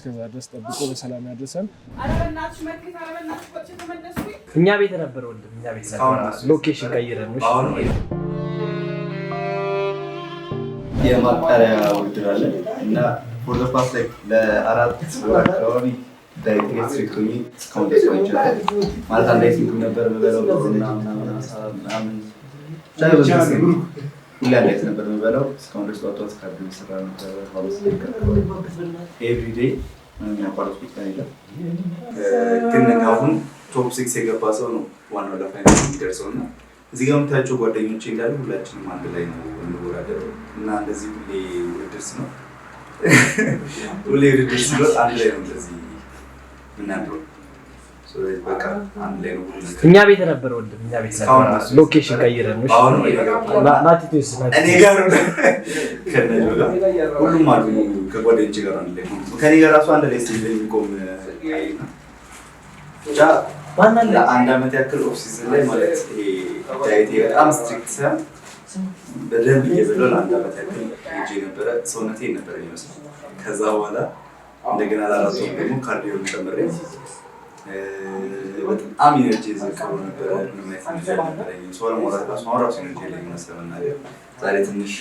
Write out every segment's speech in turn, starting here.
እስከዛ ድረስ ጠብቆ በሰላም ያድርሰን። እኛ ቤት ነበር ወንድም፣ ሎኬሽን ቀይረን የማጣሪያ ውድድር አለ እና ፖለፓስ ላይ ለአራት ወር አካባቢ ዳይሬክትሪክ ሆኜ እስካሁን ደስ ይችላል ማለት አንድ አይሲንግ ነበር የምበለው ምናምን ሁሌ አንድ አይነት ነበር የምበለው እስካሁን ደስ ዋቷት ካርድ ስራ ነበር ኤቭሪ ግን አሁን ቶፕ ሲክስ የገባ ሰው ነው ዋናው ለፋይናል የሚደርሰው እና እዚህ ጋር የምታያቸው ጓደኞች እንዳሉ ሁላችንም አንድ ላይ ነው እንወዳደር እና እንደዚህ ሁሌ ውድድር ነው ሁሌ ውድድር ሲኖር አንድ ላይ ነው እንደዚህ ምናድረው እኛ ቤት ነበር ወንድም፣ እኛ ቤት ነበር። ሎኬሽን ቀይረን እኔ ጋር ሁሉም አሉ ከጓደኞቼ ጋር አንድ ላይ ከኔ ጋር ራሱ አንድ ላይ ስል የሚቆም ለአንድ ዓመት ያክል ኦፍ ሲዝን ላይ ማለት ዳይቴ በጣም ስትሪክት ሳይሆን በደንብ እየበላሁ ለአንድ ዓመት ያክል ሄጄ ነበረ። ሰውነቴ ነበር የሚመስለው። ከዛ በኋላ እንደገና ላራሱ ደግሞ ካርዲዮ ጨምሬ በጣም ኢነርጂ የዘቀው ነበረ። ምንም አይነት ነገር ሰው ለማውራት ራሱ ማውራት ዛሬ ትንሽ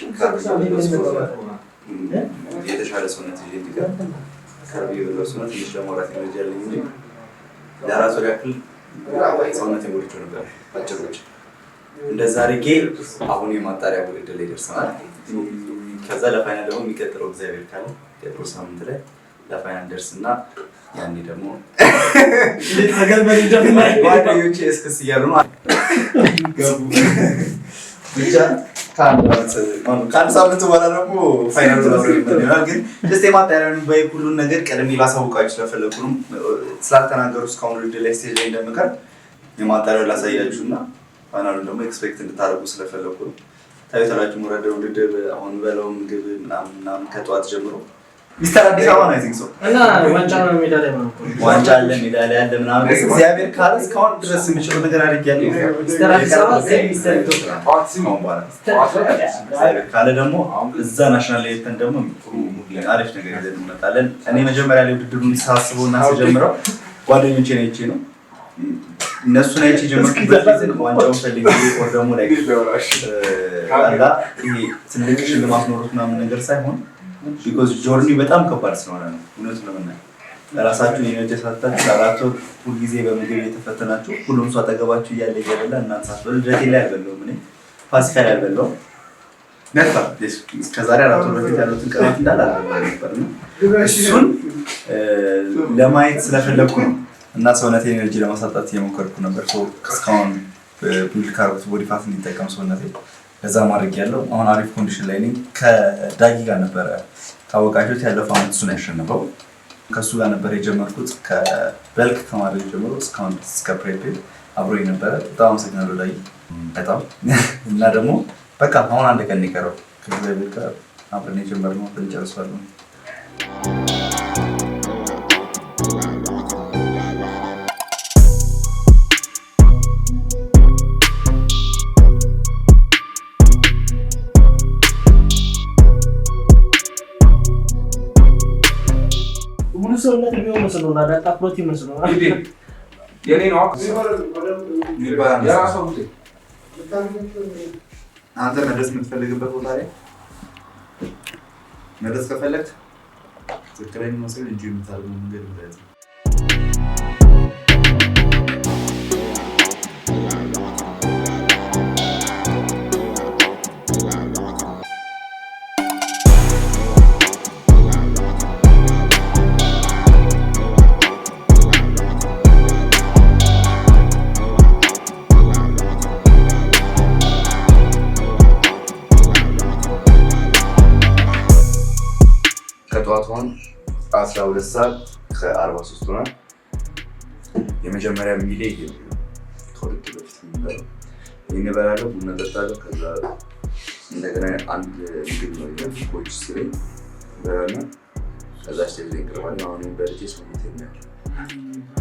የተሻለ ሰውነት ይዤ እንዲቀር ከርብ የበለው ሰውነት ትንሽ ለማውራት ኢነርጂ አለኝ እንጂ ለራሱ ያክል ሰውነት የጎድቼው ነበር። አጭሮች እንደዛ አድርጌ አሁን የማጣሪያ ውድድር ላይ ደርሰናል። ከዛ ለፋይናል ደግሞ የሚቀጥለው እግዚአብሔር ካለ ቀጥሎ ሳምንት ላይ ለፋይናል ደርስ እና ያኔ ደግሞ እስክስ እያሉ ከአንድ ሳምንት በኋላ ደግሞ ፋይናል ግን ደስ የማታያለን ሁሉን ነገር ቀደም ላሳውቃችሁ ስላልተናገሩ እስካሁን ላይ ስቴጅ ላይ እንደምቀር ላሳያችሁ እና ፋይናሉን ደግሞ ኤክስፔክት እንድታደርጉ ታዩታላችሁ። ወረደ ውድድር አሁን በለው ምግብ ምናምን ምናምን ከጠዋት ጀምሮ ሚስተር አዲስ አበባ ነው። ሶ እና ዋንጫ ነው ሜዳሊያ ዋንጫ አለ ሜዳሊያ አለ ምናምን እግዚአብሔር ካለ እስካሁን ድረስ የምችለው ነገር አድርጌያለሁ። ሚስተር አዲስ አበባ ሚስተር ኢትዮጵያ ካለ ደግሞ እዛ ናሽናል ደግሞ አሪፍ ነገር ይዘን እንመጣለን። እኔ መጀመሪያ ላይ ውድድሩን ሳስበው እና ስጀምረው ጓደኞቼ ነው ዋንጫውን ፈልጌ ደግሞ ላይ ትልቅ ሽልማት ኖሮት ምናምን ነገር ሳይሆን ቢኮዝ ጆርኒ በጣም ከባድ ስለሆነ ነው። እውነቱን ነው የምናየው። ለራሳችሁ የነጀሳታችሁ ለአራት ወር ሁልጊዜ በምግብ የተፈተናችሁ ሁሉም ሰው አጠገባችሁ እያለ እየበላ እናንተ ሳትበሉ ልደቴ ላይ አልበላሁም እኔ ፋሲካ ላይ አልበላሁም ነበር። ከዛሬ አራት ወር በፊት ያሉትን ቀናት እንዳለ አልበላሁም ነበር። እሱን ለማየት ስለፈለግኩ ነው እና ሰውነት ኤነርጂ ለማሳጣት እየሞከርኩ ነበር። እስካሁን ፑል ቦዲፋት እንዲጠቀም ሰውነት እዛ ማድረግ ያለው አሁን አሪፍ ኮንዲሽን ላይ ነኝ። ከዳጊ ጋር ነበረ ካወቃችሁት ያለፈው አመት እሱን ያሸንፈው ከእሱ ጋር ነበረ የጀመርኩት። ከበልክ ከማድረግ ጀምሮ እስካሁን እስከ ፕሬፔድ አብሮ ነበረ። በጣም አመሰግናለሁ ዳጊ በጣም እና ደግሞ በቃ አሁን አንድ ቀን ይቀረው ከዚ ቤት ጋር አብረን የጀመርነው እንጨርሳለን። ሰውነት የሚሆን ነው። ዳጣ ፕሮቲን ነው። የኔ ነው አንተ መድረስ የምትፈልግበት ቦታ ላይ መድረስ ከፈለግ ትክክለኛ መስል እንጂ የምታደርገው መንገድ እንደዛ ከአርባ ሶስት ሆና የመጀመሪያ ሚሌ ይሄ ከሁለት በፊት የሚበላው ይህን እበላለሁ፣ ቡና እጠጣለሁ። ከዛ እንደገና አንድ ምግብ ነው ኮች ስለኝ እበላለሁ። ከዛ ስቴ ቅርባለሁ። አሁን በልቴ ሰውነት የሚያለ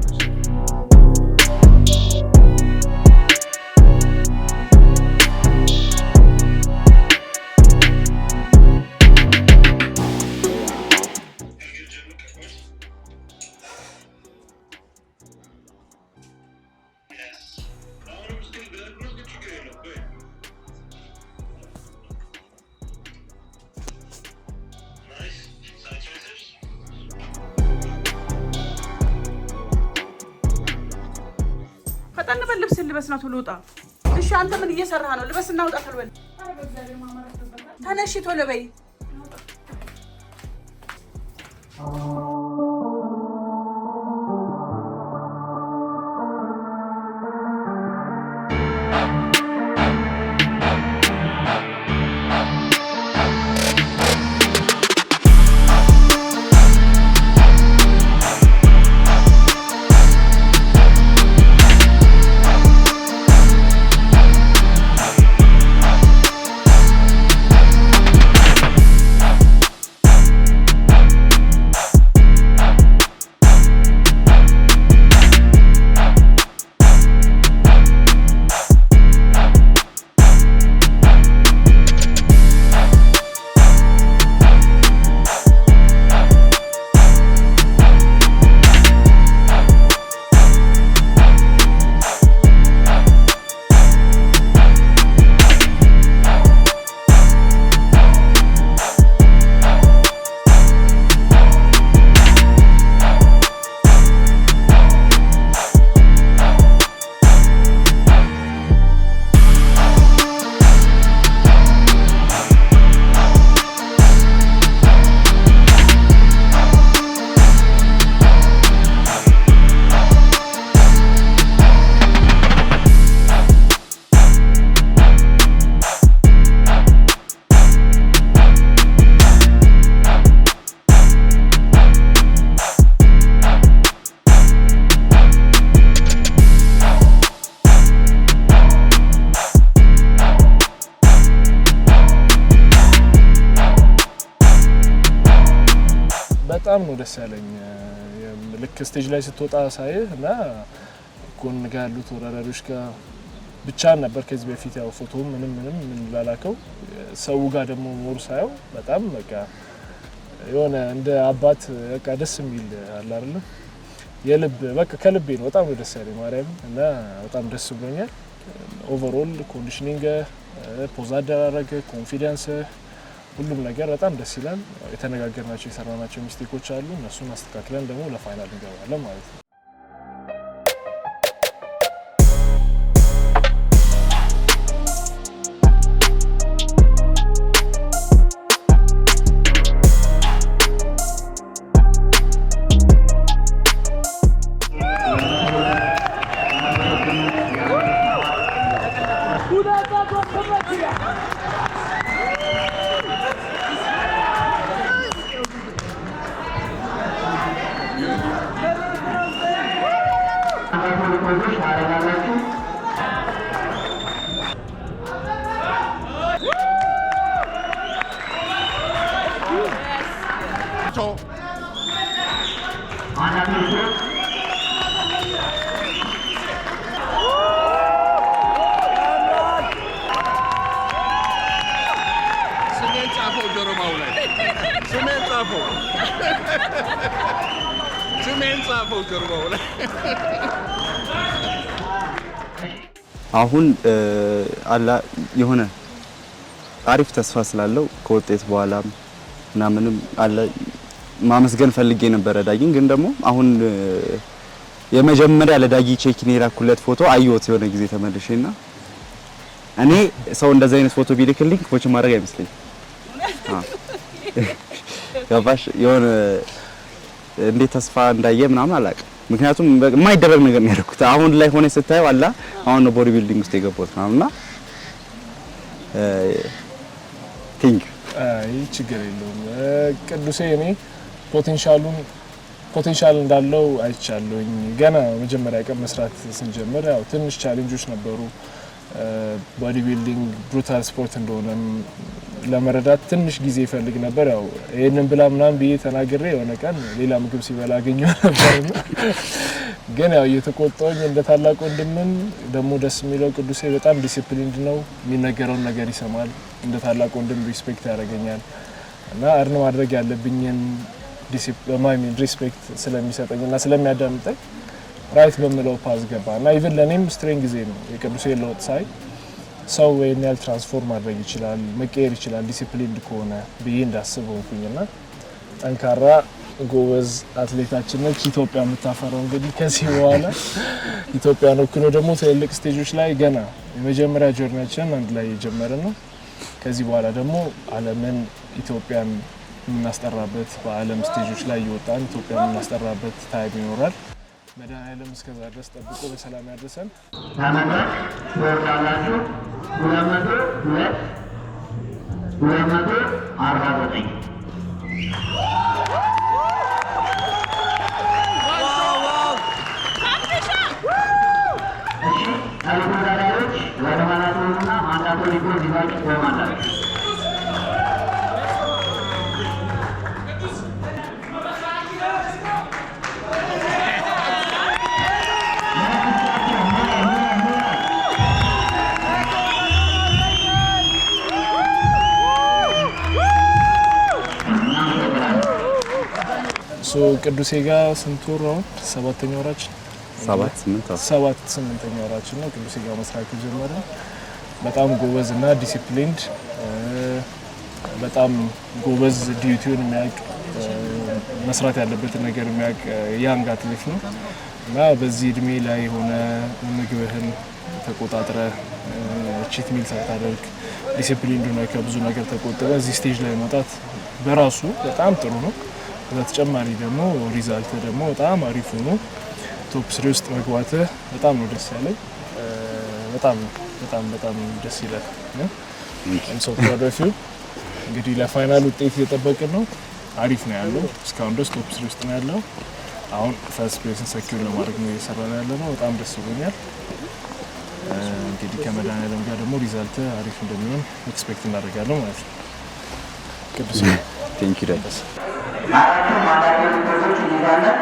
ተልበል ልብስ ልበስና ቶሎ ውጣ። እሺ አንተ ምን እየሰራህ ነው? ልበስና ውጣ ተልበል። ተነሺ ቶሎ በይ። መሰለኝ ልክ ስቴጅ ላይ ስትወጣ ሳይህ እና ጎን ጋር ያሉት ወራዳሪዎች ጋር ብቻ ነበር ከዚህ በፊት ያው ፎቶ ምንም ምንም የምንላላከው ሰው ጋር ደግሞ ሞር ሳየው በጣም በቃ የሆነ እንደ አባት በቃ ደስ የሚል አለ አይደለም የልብ በቃ ከልቤ ነው። በጣም ደስ ያለኝ ማርያም እና በጣም ደስ ብሎኛል። ኦቨርኦል ኮንዲሽኒንግ፣ ፖዝ አደራረግ፣ ኮንፊደንስ ሁሉም ነገር በጣም ደስ ይላል። የተነጋገርናቸው የሰራናቸው ሚስቴኮች አሉ። እነሱን አስተካክለን ደግሞ ለፋይናል እንገባለን ማለት ነው። አሁን አላ የሆነ አሪፍ ተስፋ ስላለው ከውጤት በኋላም ምናምንም አለ ማመስገን ፈልጌ ነበረ ዳጊን። ግን ደግሞ አሁን የመጀመሪያ ለዳጊ ቼኪን የላኩለት ፎቶ አየሁት የሆነ ጊዜ ተመልሼና እኔ ሰው እንደዚህ አይነት ፎቶ ቢልክልኝ ኮች ማድረግ አይመስለኝም። ገባሽ? የሆነ እንዴት ተስፋ እንዳየ ምናምን አላውቅም ምክንያቱም የማይደረግ ነገር ነው ያደረኩት። አሁን ላይ ሆነ ስታየው አላ አሁን ነው ቦዲ ቢልዲንግ ውስጥ የገባሁት ነው ቲንክ አይ ችግር የለውም። ቅዱሴ እኔ ፖቴንሻሉን ፖቴንሻል እንዳለው አይቻለሁኝ። ገና መጀመሪያ ቀን መስራት ስንጀምር ያው ትንሽ ቻሌንጆች ነበሩ ቦዲ ቢልዲንግ ብሩታል ስፖርት እንደሆነ ለመረዳት ትንሽ ጊዜ ይፈልግ ነበር። ያው ይህንን ብላ ምናምን ብዬ ተናግሬ የሆነ ቀን ሌላ ምግብ ሲበላ አገኘው ነበር። ግን ያው እየተቆጣኝ እንደ ታላቅ ወንድምም ደግሞ ደስ የሚለው ቅዱሴ በጣም ዲሲፕሊንድ ነው። የሚነገረውን ነገር ይሰማል። እንደ ታላቅ ወንድም ሪስፔክት ያደርገኛል እና እርን ማድረግ ያለብኝን ሪስፔክት እና ስለሚያዳምጠኝ ራይት በምለው ፓዝ ገባ እና ኢቨን ለእኔም ስትሬን ጊዜ ነው የቅዱሴ ለውጥ ሳይ ሰው ወይን ያህል ትራንስፎርም ማድረግ ይችላል መቀየር ይችላል ዲሲፕሊንድ ከሆነ ብዬ እንዳስብ ሆንኩኝ እና ጠንካራ ጎበዝ አትሌታችን ነች ኢትዮጵያ የምታፈራው። እንግዲህ ከዚህ በኋላ ኢትዮጵያን ወክሎ ደግሞ ትልልቅ ስቴጆች ላይ ገና የመጀመሪያ ጆርናችን አንድ ላይ የጀመርን ነው። ከዚህ በኋላ ደግሞ አለምን ኢትዮጵያን የምናስጠራበት በአለም ስቴጆች ላይ እየወጣን ኢትዮጵያን የምናስጠራበት ታይም ይኖራል። መድኃኔዓለም እስከዛ ድረስ ጠብቆ በሰላም ያድርሰን። ለመድረክ ትወርዳላችሁ። ሁለት ዘጠኝ ወደ ማንዳቶ ሊጎ ወማላቸው ቅዱሴ ጋር ስንት ወር ነው? ሰባተኛ ወራችን ሰባት ስምንተኛ ወራችን ነው። ቅዱሴ ጋር መስራት ጀመረ። በጣም ጎበዝ እና ዲሲፕሊንድ በጣም ጎበዝ ዲዩቲውን የሚያውቅ መስራት ያለበትን ነገር የሚያውቅ ያንግ አትሌት ነው እና በዚህ እድሜ ላይ የሆነ ምግብህን ተቆጣጥረ ቺት ሚል ሳታደርግ ዲሲፕሊንድ ከብዙ ነገር ተቆጥበ እዚህ ስቴጅ ላይ መውጣት በራሱ በጣም ጥሩ ነው። በተጨማሪ ደግሞ ሪዛልት ደግሞ በጣም አሪፍ ሆኖ ቶፕ ስሪ ውስጥ መግባት በጣም ነው ደስ ያለኝ። በጣም በጣም በጣም ደስ ይላል። ሰው ተረፊው እንግዲህ ለፋይናል ውጤት እየጠበቅን ነው። አሪፍ ነው ያለው እስካሁን ድረስ ቶፕ ስሪ ውስጥ ነው ያለው። አሁን ፈርስት ፕሌስን ሰኪር ለማድረግ ነው እየሰራ ነው ያለ ነው። በጣም ደስ ብሎኛል። እንግዲህ ከመድኃኒዓለም ጋር ደግሞ ሪዛልት አሪፍ እንደሚሆን ኤክስፔክት እናደርጋለን ማለት ነው። ቅዱስ ቴንኪ ዳይስ አራቱ ማዳጊ ሪፖርቶች ይይዛለን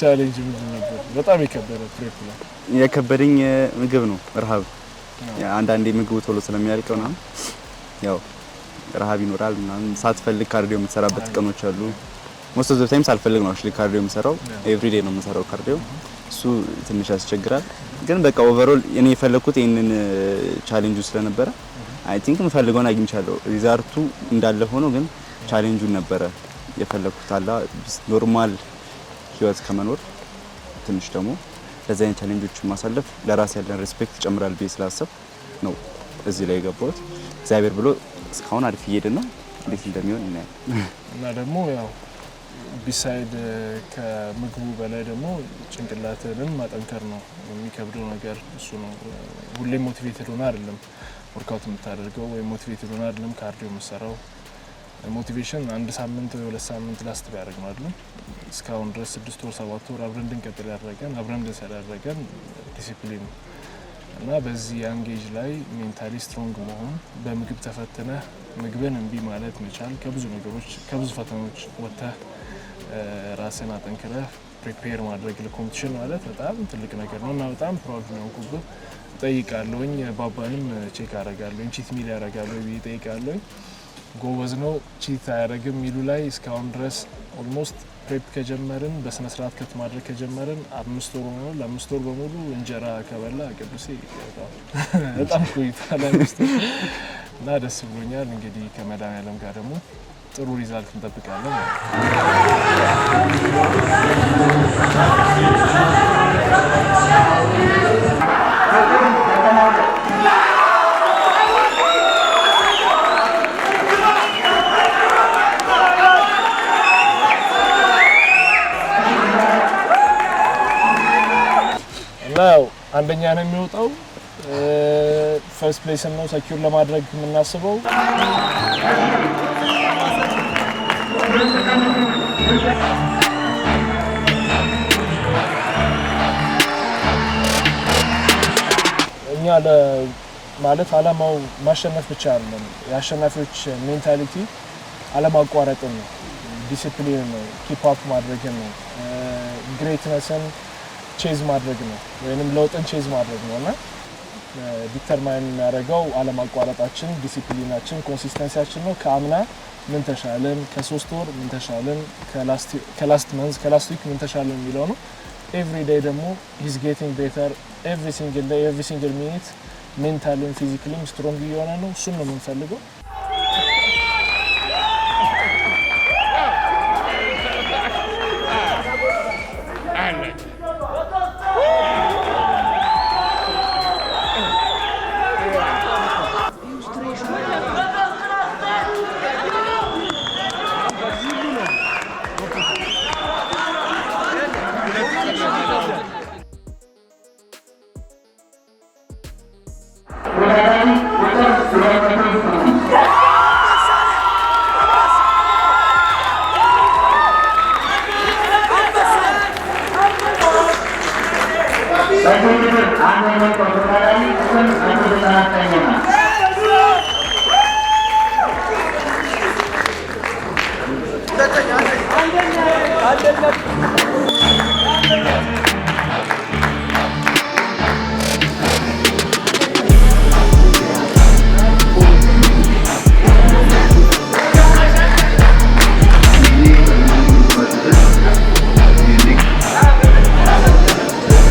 ቻሌንጅ ምንድን ነበር? በጣም የከበረ ትሬክ ላይ የከበደኝ ምግብ ነው ረሃብ። አንዳንዴ ምግቡ ቶሎ ስለሚያልቀው ምናምን ያው ረሃብ ይኖራል ምናምን። ሳትፈልግ ካርዲዮ የምትሰራበት ቀኖች አሉ። ሞስት ኦፍ ዘ ታይም ሳልፈልግ ነው አክቹሊ ካርዲዮ የምሰራው። ኤቭሪ ዴይ ነው የምሰራው ካርዲዮ። እሱ ትንሽ ያስቸግራል፣ ግን በቃ ኦቨርኦል እኔ የፈለግኩት ይህንን ቻሌንጁ ስለነበረ አይ mm-hmm. ቲንክ የምፈልገውን አግኝቻለሁ። ሪዛርቱ እንዳለ ሆኖ ግን ቻሌንጁን ነበረ የፈለግኩት አላ ኖርማል ህይወት ከመኖር ትንሽ ደግሞ ለዚህ አይነት ቻሌንጆች ማሳለፍ ለራስ ያለን ሪስፔክት ይጨምራል ብዬ ስላሰብ ነው እዚህ ላይ የገባሁት። እግዚአብሔር ብሎ እስካሁን አሪፍ እየሄድን ነው። እንዴት እንደሚሆን እናያል። እና ደግሞ ያው ቢሳይድ ከምግቡ በላይ ደግሞ ጭንቅላትንም ማጠንከር ነው የሚከብደው ነገር እሱ ነው። ሁሌ ሞቲቬትድ ሆነ አይደለም ወርካውት የምታደርገው ወይም ሞቲቬትድ ሆነ አይደለም ካርዲዮ የምሰራው ሞቲቬሽን አንድ ሳምንት ወይ ሁለት ሳምንት ላስት ቢያደርግ ነው አይደለም። እስካሁን ድረስ ስድስት ወር ሰባት ወር አብረን እንድንቀጥል ያደረገን አብረን እንድንሰራ ያደረገን ዲሲፕሊን እና በዚህ አንጌጅ ላይ ሜንታሊ ስትሮንግ መሆን በምግብ ተፈትነህ ምግብን እምቢ ማለት መቻል ከብዙ ነገሮች ከብዙ ፈተኖች ወጥተህ ራስን አጠንክረህ ፕሪፔር ማድረግ ለኮምፒቲሽን ማለት በጣም ትልቅ ነገር ነው እና በጣም ፕራውድ ነው ኩብህ ጠይቃለሁኝ። ባባንም ቼክ አረጋለሁኝ ቺት ሚል ያረጋለሁ ብዬ ጠይቃለሁኝ። ጎበዝ ነው፣ ቺት አያደርግም ሚሉ ላይ እስካሁን ድረስ ኦልሞስት ፕሬፕ ከጀመርን በስነ ስርዓት ከት ማድረግ ከጀመርን አምስት ወር ሆኖ ለአምስት ወር በሙሉ እንጀራ ከበላ ቅዱሴ በጣም ቆይታ እና ደስ ብሎኛል። እንግዲህ ከመድኃኒዓለም ጋር ደግሞ ጥሩ ሪዛልት እንጠብቃለን። አንደኛ ነው የሚወጣው። ፈርስት ፕሌስ ነው ሰኪር ለማድረግ የምናስበው። እኛ ማለት አላማው ማሸነፍ ብቻ አለ። የአሸናፊዎች ሜንታሊቲ አለማቋረጥን ነው፣ ዲሲፕሊን ነው፣ ኪፕ አፕ ማድረግን ነው፣ ግሬትነስን ቼዝ ማድረግ ነው ወይንም ለውጥን ቼዝ ማድረግ ነው እና ዲተርማይን የሚያደርገው አለማቋረጣችን፣ ዲሲፕሊናችን፣ ኮንሲስተንሲያችን ነው። ከአምና ምን ተሻለን፣ ከሶስት ወር ምን ተሻለን፣ ከላስት መንዝ ከላስት ዊክ ምን ተሻለን የሚለው ነው። ኤቭሪ ዴይ ደግሞ ሂዝ ጌቲንግ ቤተር ኤቭሪ ሲንግል ዴይ ኤቭሪ ሲንግል ሚኒት ሜንታልን ፊዚክሊም ስትሮንግ እየሆነ ነው። እሱም ነው የምንፈልገው። certificate online கொடுக்கிறார்கள் certificate செய்யணும் Thank you.